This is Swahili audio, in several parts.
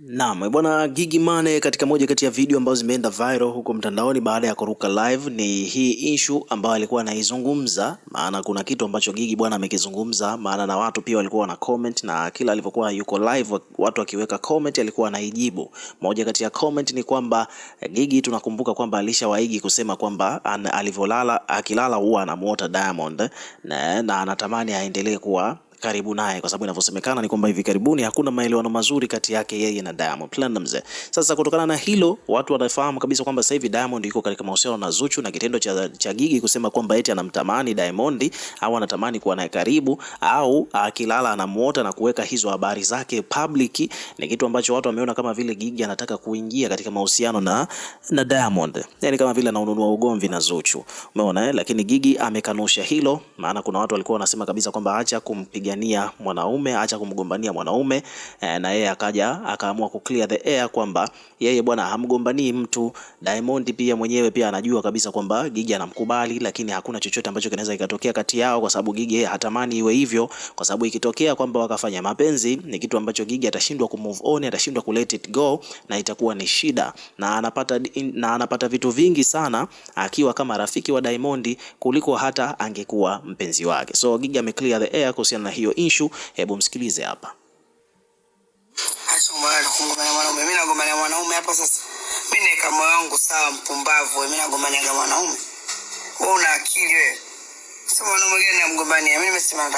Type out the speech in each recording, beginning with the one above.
Naam, eh, bwana Gigy Money katika moja kati ya video ambazo zimeenda viral huko mtandaoni baada ya kuruka live ni hii issue ambayo alikuwa anaizungumza, maana kuna kitu ambacho Gigy bwana amekizungumza, maana na watu pia walikuwa wana comment, na kila alipokuwa yuko live watu akiweka comment alikuwa anaijibu. Moja kati ya comment ni kwamba eh, Gigy, tunakumbuka kwamba alishawaigi kusema kwamba alivyolala akilala huwa anamuota Diamond na, eh, na anatamani aendelee kuwa karibu naye, kwa sababu inavyosemekana ni kwamba hivi karibuni hakuna maelewano mazuri kati yake yeye na Diamond Platinumz. Sasa kutokana na hilo, watu wanafahamu kabisa kwamba sasa hivi Diamond yuko katika mahusiano na Zuchu, na kitendo cha, cha Gigi kusema kwamba eti anamtamani Diamond au anatamani kuwa naye karibu au akilala anamuota na kuweka hizo habari zake public, ni kitu ambacho watu wameona kama vile Gigi anataka kuingia katika mahusiano na, na Diamond, yani kama vile anaununua ugomvi na Zuchu, umeona eh? Lakini Gigi amekanusha hilo, maana kuna watu walikuwa wanasema kabisa kwamba acha kumpiga kumgombania mwanaume, acha kumgombania mwanaume eh, na yeye akaja akaamua ku clear the air kwamba yeye bwana hamgombanii mtu. Diamond pia mwenyewe pia anajua kabisa kwamba Gigi anamkubali, lakini hakuna chochote ambacho kinaweza kikatokea kati yao, kwa sababu Gigi hatamani iwe hivyo, kwa sababu ikitokea kwamba wakafanya mapenzi ni kitu ambacho Gigi atashindwa ku move on, atashindwa ku let it go na itakuwa ni shida, na anapata na anapata vitu vingi sana akiwa kama rafiki wa Diamond kuliko hata angekuwa mpenzi wake. So Gigi ame clear the air kuhusiana na hiyo issue. Hebu msikilize hapa. Mimi mwanaume sasa. ni wangu sawa, mpumbavu. mwanaume. Wewe una akili Sasa mwanaume gani namgombania? nimesema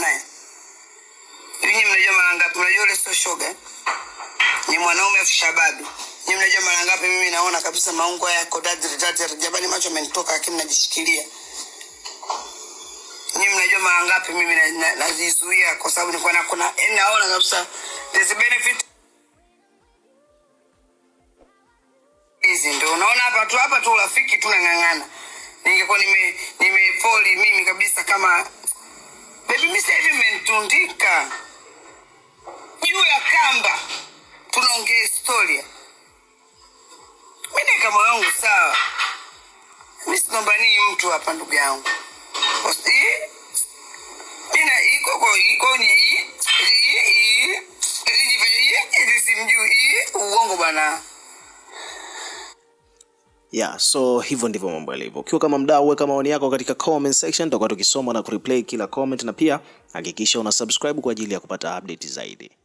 naye. Ninyi mnajua mara ngapi? Mnajua sio shoga. Ni mwanaume afu shababi. Ninyi mnajua mara ngapi mimi naona kabisa maungo yako dadri dadri. Jamani macho amenitoka lakini najishikilia hiyo mara ngapi mimi nazizuia kwa sababu nilikuwa na kuna naona kabisa there's a benefit hizi, ndio unaona hapa tu hapa tu urafiki tunang'ang'ana. Ningekuwa nime nimepoli mimi kabisa kama baby, mimi sasa hivi mmenitundika juu ya kamba, tunaongea historia. Mimi kama wangu sawa, mimi sinombani mtu hapa, ndugu yangu. bwana. Yeah, so hivyo ndivyo mambo yalivyo. Ukiwa kama mdau, weka maoni yako katika comment section, tutakuwa tukisoma na kureplay kila comment, na pia hakikisha una subscribe kwa ajili ya kupata update zaidi.